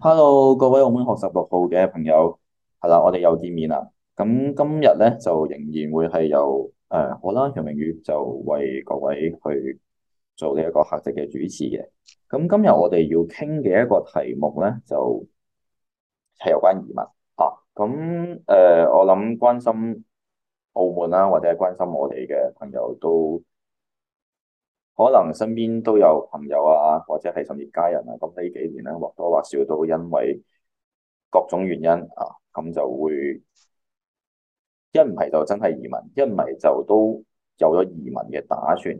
Hello，各位澳門學十六號嘅朋友，係啦，我哋又見面啦。咁今日咧就仍然會係由誒，我啦楊明宇就為各位去。做呢一個客席嘅主持嘅，咁今日我哋要傾嘅一個題目咧，就係、是、有關移民啊。咁誒、呃，我諗關心澳門啦、啊，或者係關心我哋嘅朋友都可能身邊都有朋友啊，或者係甚至家人啊。咁呢幾年咧，或多或少都因為各種原因啊，咁就會一唔係就真係移民，一唔係就都有咗移民嘅打算。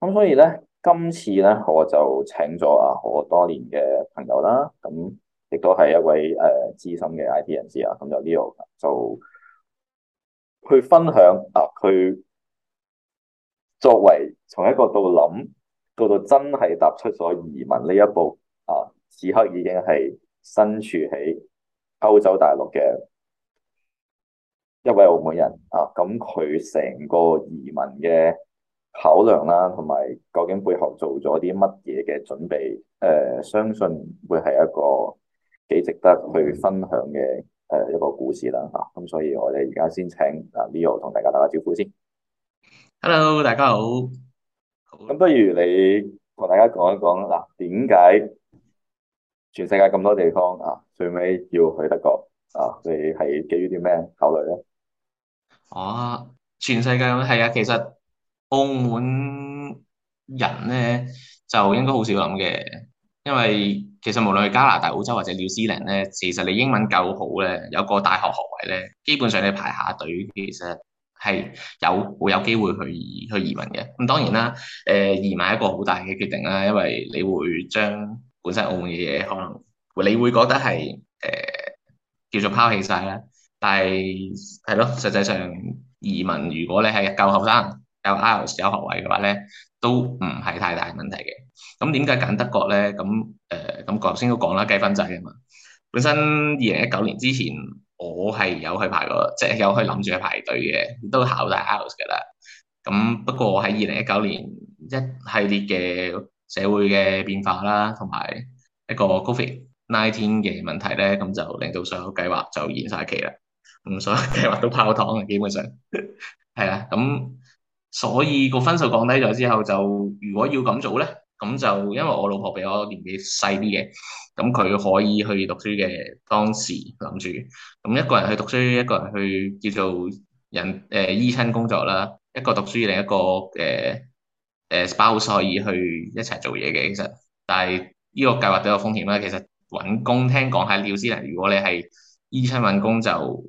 咁所以咧，今次咧我就請咗啊，好多年嘅朋友啦，咁亦都係一位誒資深嘅 IT 人士啊，咁就呢度，就去分享啊，佢作為從一個度諗，到到真係踏出咗移民呢一步啊，此刻已經係身處喺歐洲大陸嘅一位澳門人啊，咁佢成個移民嘅考量啦，同埋究竟背後做咗啲乜嘢嘅準備？誒、呃，相信會係一個幾值得去分享嘅誒一個故事啦，吓、啊。咁所以我哋而家先請阿 Leo 同大家打個招呼先。Hello，大家好。咁不如你同大家講一講嗱，啊、點解全世界咁多地方啊，最尾要去德國啊？你係基於啲咩考慮咧？我、哦、全世界咁係啊，其實。澳門人咧就應該好少諗嘅，因為其實無論去加拿大、澳洲或者紐西蘭咧，其實你英文夠好咧，有個大學學位咧，基本上你排下隊，其實係有會有機會去去移民嘅。咁當然啦，誒、呃，移民係一個好大嘅決定啦，因為你會將本身澳門嘅嘢可能你會覺得係誒、呃、叫做拋棄晒啦，但係係咯，實際上移民如果你係夠後生。有 IELTS 有學位嘅話咧，都唔係太大問題嘅。咁點解揀德國咧？咁誒，咁我頭先都講啦，計分制啊嘛。本身二零一九年之前，我係有去排過，即係有去諗住去排隊嘅，都考大 IELTS 噶啦。咁不過喺二零一九年一系列嘅社會嘅變化啦，同埋一個 COVID-19 嘅問題咧，咁就令到所有計劃就延晒期啦。咁所有計劃都泡湯啊，基本上係啊，咁。 所以個分數降低咗之後，就如果要咁做咧，咁就因為我老婆比我年紀細啲嘅，咁佢可以去讀書嘅。當時諗住，咁一個人去讀書，一個人去叫做人誒、呃、醫生工作啦，一個讀書，另一個誒誒 spouse 可以去一齊做嘢嘅。其實，但係呢個計劃都有風險啦。其實搵工聽講喺料市人，如果你係醫生搵工，就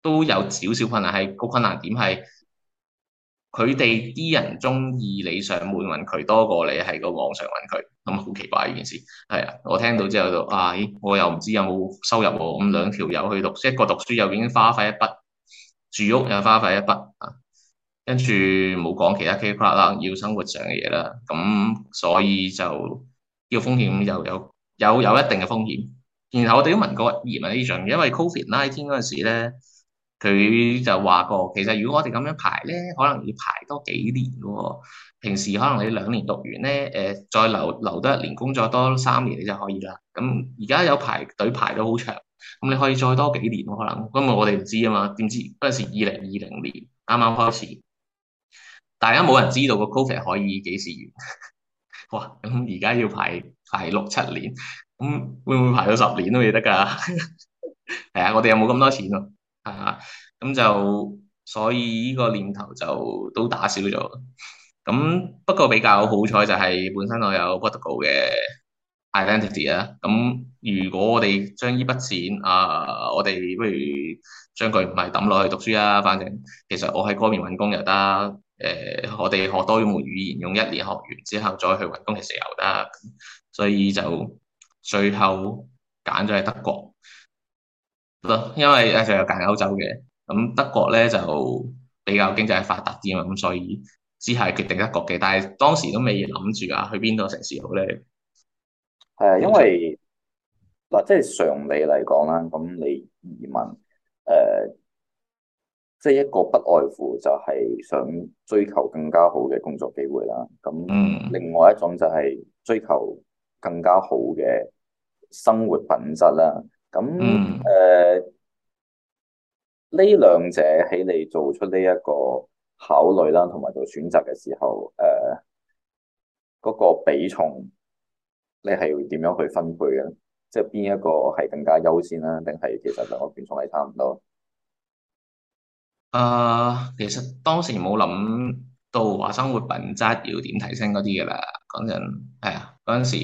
都有少少困難，係個困難點係。佢哋啲人中意你上門揾佢多過你喺個網上揾佢，咁好奇怪呢件事，係啊，我聽到之後就，啊咦，我又唔知有冇收入喎，咁兩條友去讀，一個讀書又已經花費一筆，住屋又花費一筆啊，跟住冇講其他 kplus 啦，要生活上嘅嘢啦，咁所以就要風險又有有有一定嘅風險，然後我哋都問過移民 agent 因為 covid nineteen 嗰陣時咧。佢就話過，其實如果我哋咁樣排咧，可能要排多幾年噶、哦、喎。平時可能你兩年讀完咧，誒、呃，再留留多一年工作多三年你就可以啦。咁而家有排隊排到好長，咁、嗯、你可以再多幾年咯，可能，因為我哋唔知啊嘛。點知嗰陣時二零二零年啱啱開始，大家冇人知道個 covid 可以幾時完。哇，咁而家要排排六七年，咁、嗯、會唔會排到十年都未得噶？係啊,啊，我哋又冇咁多錢咯、啊。係咁、啊、就所以呢個念頭就都打消咗。咁不過比較好彩就係本身我有 virtual 嘅 identity 啊。咁如果我哋將呢筆錢啊，我哋不如將佢唔係抌落去讀書啦。反正其實我喺嗰邊揾工又得。誒、呃，我哋學多門語言，用一年學完之後再去揾工嘅時候又得。所以就最後揀咗喺德國。因為誒，就有揀歐洲嘅，咁德國咧就比較經濟發達啲嘛，咁所以只係決定德國嘅。但係當時都未諗住啊，去邊度城市好咧？係啊，因為嗱、嗯呃，即係常理嚟講啦，咁你移民誒，即係一個不外乎就係想追求更加好嘅工作機會啦。咁，另外一種就係追求更加好嘅生活品質啦。咁誒，呢兩那、嗯呃、者喺你做出呢一個考慮啦，同埋做選擇嘅時候，誒、呃、嗰、那個比重，你係會點樣去分配嘅？即係邊一個係更加優先啦？定係其實兩個權重係差唔多？誒、呃，其實當時冇諗到話生活品質要點提升嗰啲嘅啦，講緊，係、哎、啊，嗰陣時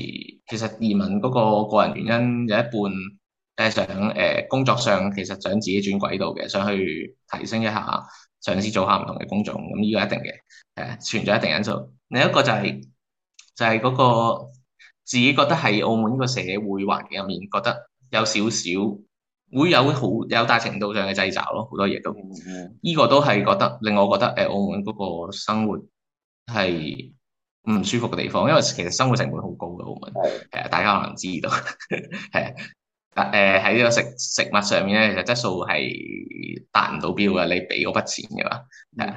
其實移民嗰個個人原因有一半。誒想誒、呃、工作上其實想自己轉軌道嘅，想去提升一下，嘗試做下唔同嘅工種。咁、嗯、呢、這個一定嘅，誒、呃、存在一定因素。另一個就係、是、就係、是、嗰、那個自己覺得喺澳門個社會環境入面，覺得有少少會有好有大程度上嘅掣肘咯，好多嘢都呢、這個都係覺得令我覺得誒澳門嗰個生活係唔舒服嘅地方，因為其實生活成本好高嘅澳門，係啊的，大家可能知道係啊。 誒喺呢個食食物上面咧，其實質素係達唔到標嘅。你俾嗰筆錢嘅話、mm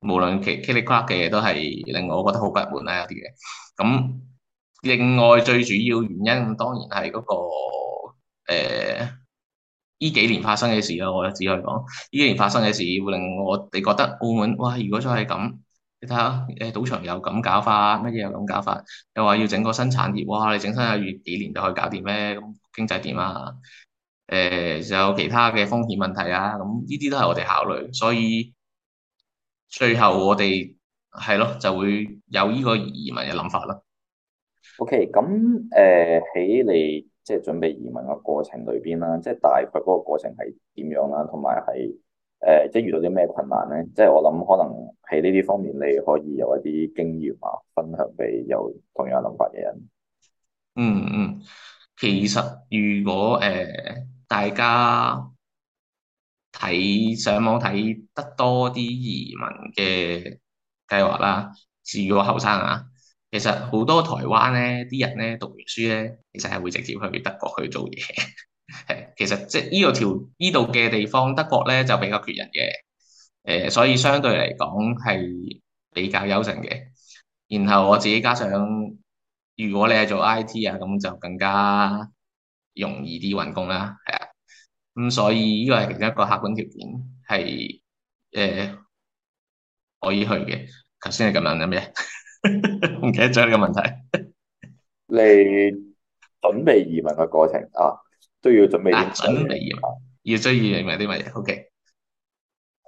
hmm.，無論其 Kitty Club 嘅嘢都係令我覺得好不滿啦，有啲嘢，咁另外最主要原因，咁當然係嗰、那個誒依、呃、幾年發生嘅事咯。我只可以講，依幾年發生嘅事會令我哋覺得澳門哇，如果真係咁，你睇下誒，賭場又咁搞法，乜嘢又咁搞法，又話要整個新產業哇，你整三、下，月幾年就可以搞掂咩？經濟點啊，誒、呃，就有其他嘅風險問題啊，咁呢啲都係我哋考慮，所以最後我哋係咯，就會有呢個移民嘅諗法咯。OK，咁誒喺你即係、就是、準備移民嘅過程裏邊啦，即、就、係、是、大概嗰個過程係點樣啦，同埋係誒即係遇到啲咩困難咧？即、就、係、是、我諗可能喺呢啲方面你可以有一啲經驗啊，分享俾有同樣諗法嘅人。嗯嗯。嗯其實，如果誒、呃、大家睇上網睇得多啲移民嘅計劃啦，至於我後生啊，其實好多台灣咧啲人咧讀完書咧，其實係會直接去德國去做嘢。係， 其實即係呢度條呢度嘅地方，德國咧就比較缺人嘅，誒、呃，所以相對嚟講係比較優勝嘅。然後我自己加上。如果你係做 IT 啊，咁就更加容易啲揾工啦，係啊。咁所以依個係其中一個客觀條件，係誒、呃、可以去嘅。頭先係咁問緊咩？唔 記得咗呢個問題。你準備移民嘅過程啊，都要準備啲咩？啊、準備移民，要需要移民啲乜嘢？OK，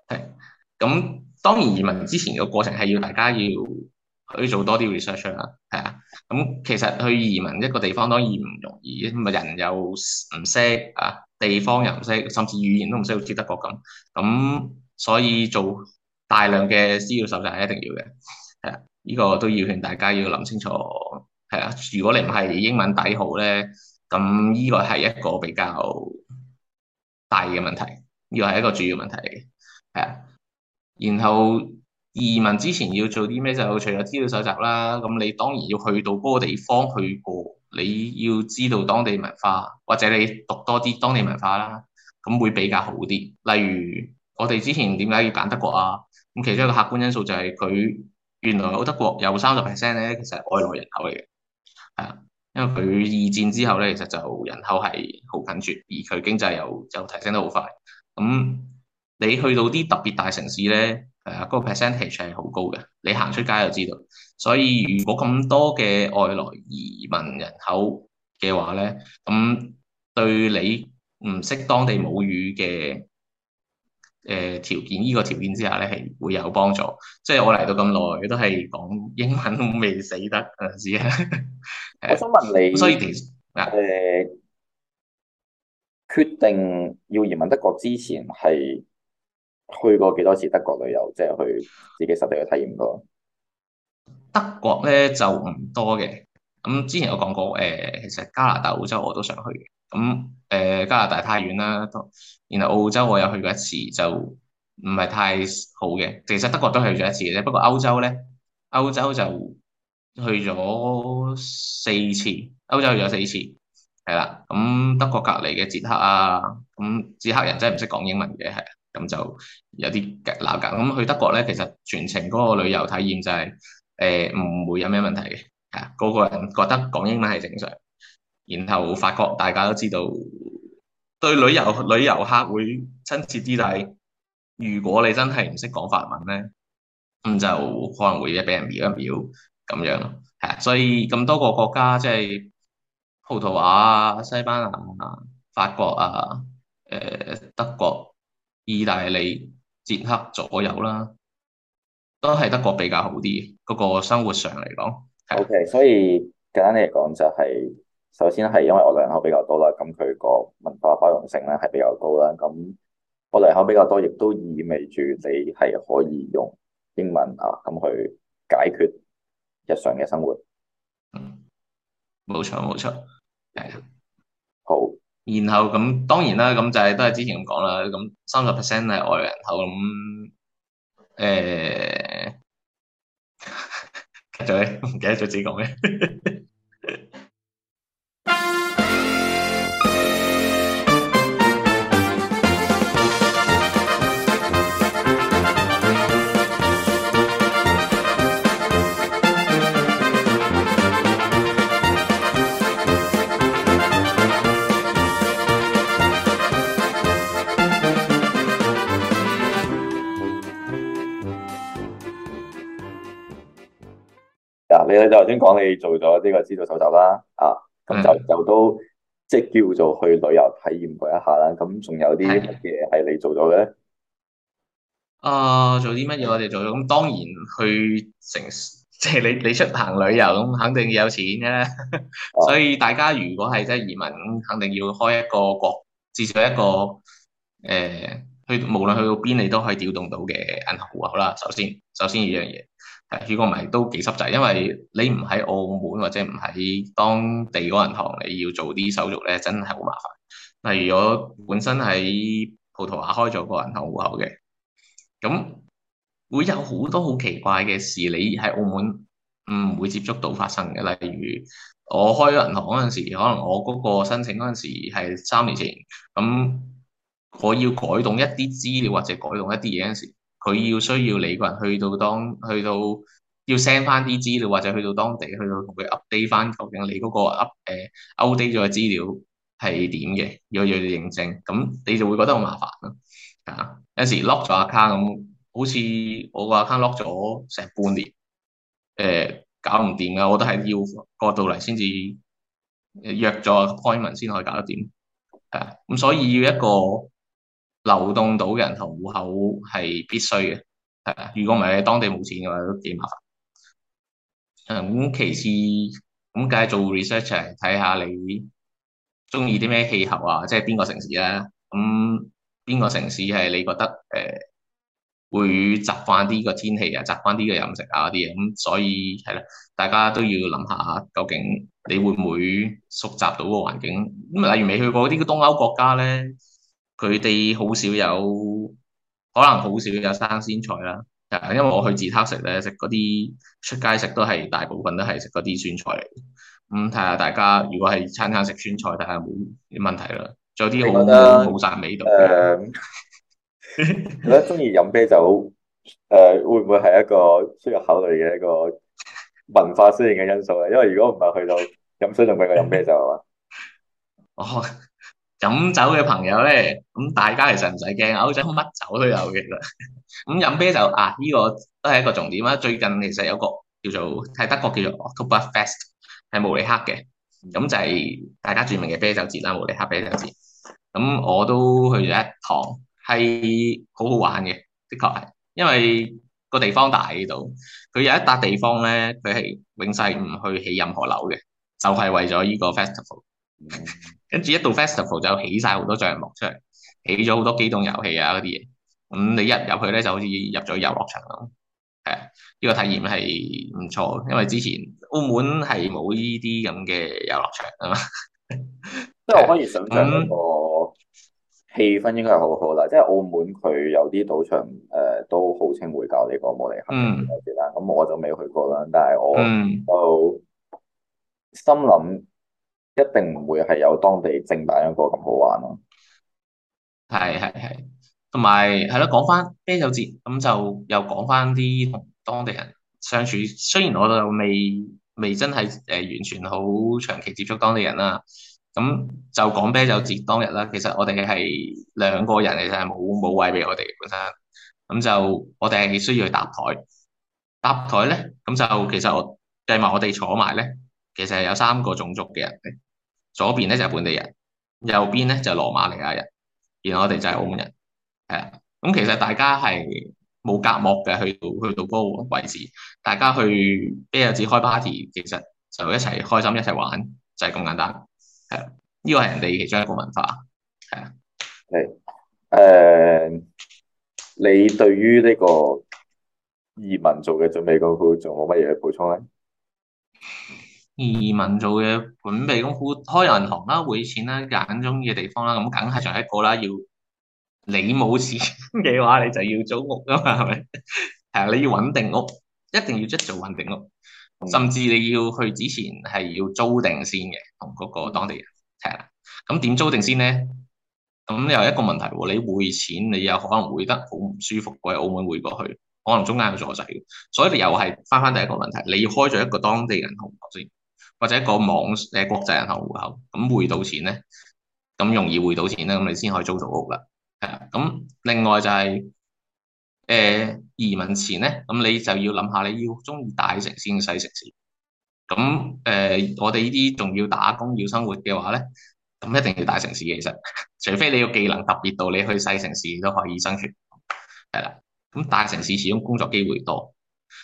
係。咁當然移民之前嘅過程係要大家要。可以做多啲 research 啦，係啊，咁其實去移民一個地方當然唔容易，啊，人又唔識啊，地方又唔識，甚至語言都唔識，好似德國咁，咁所以做大量嘅資料搜集係一定要嘅，係啊，依個都要勸大家要諗清楚，係啊，如果你唔係英文底好咧，咁依個係一個比較大嘅問題，呢個係一個主要問題嚟嘅，係啊，然後。移民之前要做啲咩？就除咗資料搜集啦，咁你當然要去到嗰個地方去過，你要知道當地文化，或者你讀多啲當地文化啦，咁會比較好啲。例如我哋之前點解要揀德國啊？咁其中一個客觀因素就係佢原來好德國有三十 percent 咧，其實係外來人口嚟嘅，係啊，因為佢二戰之後咧，其實就人口係好緊缺，而佢經濟又就提升得好快。咁你去到啲特別大城市咧。係啊，嗰、那個 percentage 係好高嘅，你行出街就知道。所以如果咁多嘅外來移民人口嘅話咧，咁對你唔識當地母語嘅誒、呃、條件，呢、這個條件之下咧係會有幫助。即係我嚟到咁耐，都係講英文未死得嗰陣時啊！ 我想問你，所以其實，誒、呃，決定要移民德國之前係？去過幾多次德國旅遊，即係去自己實地去體驗過。德國咧就唔多嘅，咁之前有講過，誒、呃、其實加拿大、澳洲我都想去嘅。咁誒、呃、加拿大太遠啦，然後澳洲我又去過一次，就唔係太好嘅。其實德國都去咗一次啫，不過歐洲咧，歐洲就去咗四次，歐洲去咗四次，係啦。咁德國隔籬嘅捷克啊，咁捷克人真係唔識講英文嘅，係。咁就有啲鬧緊。咁去德國咧，其實全程嗰個旅遊體驗就係誒唔會有咩問題嘅。係啊，個個人覺得講英文係正常。然後法國大家都知道，對旅遊旅遊客會親切啲，但係如果你真係唔識講法文咧，咁就可能會俾人秒一秒咁樣囉。係啊，所以咁多個國家，即係葡萄牙啊、西班牙啊、法國啊、誒德國。意大利、捷克左右啦，都係德國比較好啲，嗰個生活上嚟講。O.K.，所以簡單嚟講就係、是，首先係因為我人口比較多啦，咁佢個文化包容性咧係比較高啦，咁我人口比較多，亦都意味住你係可以用英文啊咁去解決日常嘅生活。嗯，冇錯冇錯。然後咁，當然啦，咁就係都係之前咁講啦。咁三十 percent 係外來人口咁，誒、呃，繼續唔記得咗自己講咩？ 你就頭先講你做咗呢個資料蒐集啦，啊，咁就就都即係叫做去旅遊體驗過一下啦。咁仲有啲乜嘢係你做咗咧？啊、呃，做啲乜嘢我哋做咗？咁當然去城，即、就、係、是、你你出行旅遊咁，肯定要有錢嘅。啊、 所以大家如果係真移民，咁肯定要開一個國，至少一個誒。呃無論去到邊，你都可以調動到嘅銀行戶口啦。首先，首先呢樣嘢，如果唔係都幾濕滯，因為你唔喺澳門或者唔喺當地嗰銀行，你要做啲手續咧，真係好麻煩。例如我本身喺葡萄牙開咗個銀行戶口嘅，咁會有好多好奇怪嘅事，你喺澳門唔會接觸到發生嘅。例如我開咗銀行嗰陣時，可能我嗰個申請嗰陣時係三年前咁。我要改動一啲資料或者改動一啲嘢嗰陣時，佢要需要你個人去到當去到要 send 翻啲資料或者去到當地去到同佢 update 翻究竟你嗰個 up 誒 outdate 咗嘅資料係點嘅，要要認證，咁你就會覺得好麻煩咯。啊，有時 lock 咗 account 咁，好似我個 account lock 咗成半年，誒、呃、搞唔掂噶，我都係要過到嚟先至約咗 appointment 先可以搞得掂。啊，咁所以要一個。流動到人同戶口係必須嘅，係啊，如果唔係喺當地冇錢嘅話都幾麻煩。咁、嗯、其次，咁梗係做 research 嚟睇下看看你中意啲咩氣候啊，即係邊個城市啊。咁、嗯、邊個城市係你覺得誒、呃、會習慣啲個天氣啊，習慣啲嘅飲食啊啲嘢？咁、嗯、所以係啦，大家都要諗下，究竟你會唔會熟習到個環境？咁例如未去過啲嘅東歐國家咧。佢哋好少有，可能好少有生鮮菜啦。因為我去自攤食咧，食嗰啲出街食都係大部分都係食嗰啲酸菜嚟。咁睇下大家如果係餐餐食酸菜，大家冇問題啦。仲有啲好冇曬味道嘅、嗯。如果中意飲啤酒，誒、呃、會唔會係一個需要考慮嘅一個文化適應嘅因素咧？因為如果唔係去到飲水，仲比我飲啤酒啊嘛。哦。 飲酒嘅朋友咧，咁大家其實唔使驚，歐洲乜酒都有嘅。咁 飲啤酒啊，依、這個都係一個重點啊！最近其實有個叫做係德國叫做 Octoberfest 係慕尼黑嘅，咁就係大家著名嘅啤酒節啦，慕尼黑啤酒節。咁我都去咗一趟，係好好玩嘅，的確係，因為個地方大喺度，佢有一笪地方咧，佢係永世唔去起任何樓嘅，就係、是、為咗呢個 festival。 跟住一到 festival 就起晒好多帳幕出嚟，起咗好多機動遊戲啊嗰啲嘢。咁你一入去咧，就好似入咗遊樂場咁。係啊，呢、這個體驗係唔錯，因為之前澳門係冇呢啲咁嘅遊樂場啊嘛。即係、嗯 嗯、可以想像個氣氛應該係好好啦。即係澳門佢有啲賭場誒、呃，都號稱會搞呢個冇嚟客。嗯。啦，咁我就未去過啦，但係我都、嗯、心諗。一定唔會係有當地正版一個咁好玩咯，係係係，同埋係咯，講翻啤酒節咁就又講翻啲同當地人相處。雖然我哋未未真係誒完全好長期接觸當地人啦，咁就講啤酒節當日啦。其實我哋係兩個人，其實係冇冇位俾我哋本身，咁就我哋係需要去搭台。搭台咧，咁就其實我計埋我哋坐埋咧。其實係有三個種族嘅人，左邊咧就係本地人，右邊咧就羅馬尼亞人，然後我哋就係澳門人，係啊。咁其實大家係冇隔膜嘅，去到去到嗰個位置，大家去一日至開 party，其實就一齊開心一齊玩，就係、是、咁簡單，係啊。呢個係人哋其中一個文化，係啊。係誒、呃，你對於呢個移民做嘅準備，嗰個仲有冇乜嘢補充咧？移民做嘅準備功夫，開銀行啦、匯錢啦、揀中意嘅地方啦，咁梗係仲一個啦。要你冇錢嘅話， 你就要租屋噶嘛，係咪？係啊，你要穩定屋，一定要即做穩定屋，甚至你要去之前係要租定先嘅，同嗰個當地人係啦。咁點租定先咧？咁又一個問題、啊，你匯錢，你有可能匯得好唔舒服，過澳門匯過去，可能中間有阻滯，所以你又係翻翻第一個問題，你要開咗一個當地人銀行先。或者一個網誒、呃、國際銀行戶口，咁匯到錢咧，咁容易匯到錢咧，咁你先可以租到屋啦。咁另外就係、是、誒、呃、移民前咧，咁你就要諗下，你要中意大城市定細城市？咁誒、呃，我哋呢啲仲要打工要生活嘅話咧，咁一定要大城市其實，除非你要技能特別到，你去細城市都可以生存。係啦，咁大城市始終工作機會多，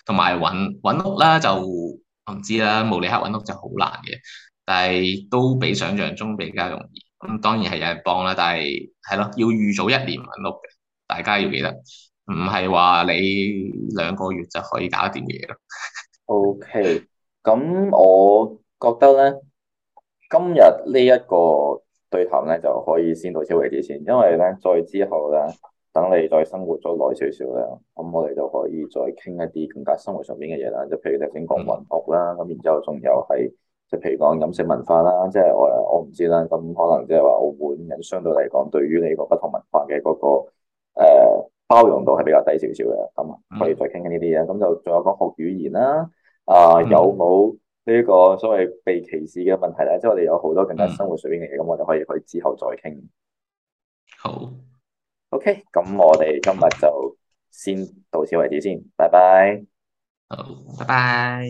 同埋揾揾屋咧就。唔知啦，慕尼黑揾屋就好難嘅，但係都比想象中比較容易。咁當然係有人幫啦，但係係咯，要預早一年揾屋嘅，大家要記得，唔係話你兩個月就可以搞掂嘢咯。OK，咁我覺得咧，今日呢一個對談咧就可以先到此為止先，因為咧再之後咧。等你再生活咗耐少少咧，咁我哋就可以再傾一啲更加生活上面嘅嘢啦，就譬如頭先講搵屋啦，咁、嗯、然之後仲有係即係譬如講飲食文化啦，即、就、係、是、我我唔知啦，咁可能即係話澳門人相對嚟講，對於你個不同文化嘅嗰、那個、呃、包容度係比較低少少嘅，咁可以再傾呢啲嘢。咁、嗯、就仲有講學語言啦，啊、呃嗯、有冇呢個所謂被歧視嘅問題咧？即、就、係、是、我哋有好多更加生活上邊嘅嘢，咁、嗯、我哋可以去之後再傾。好。OK，咁我哋今日就先到此為止先，拜拜。好，拜拜。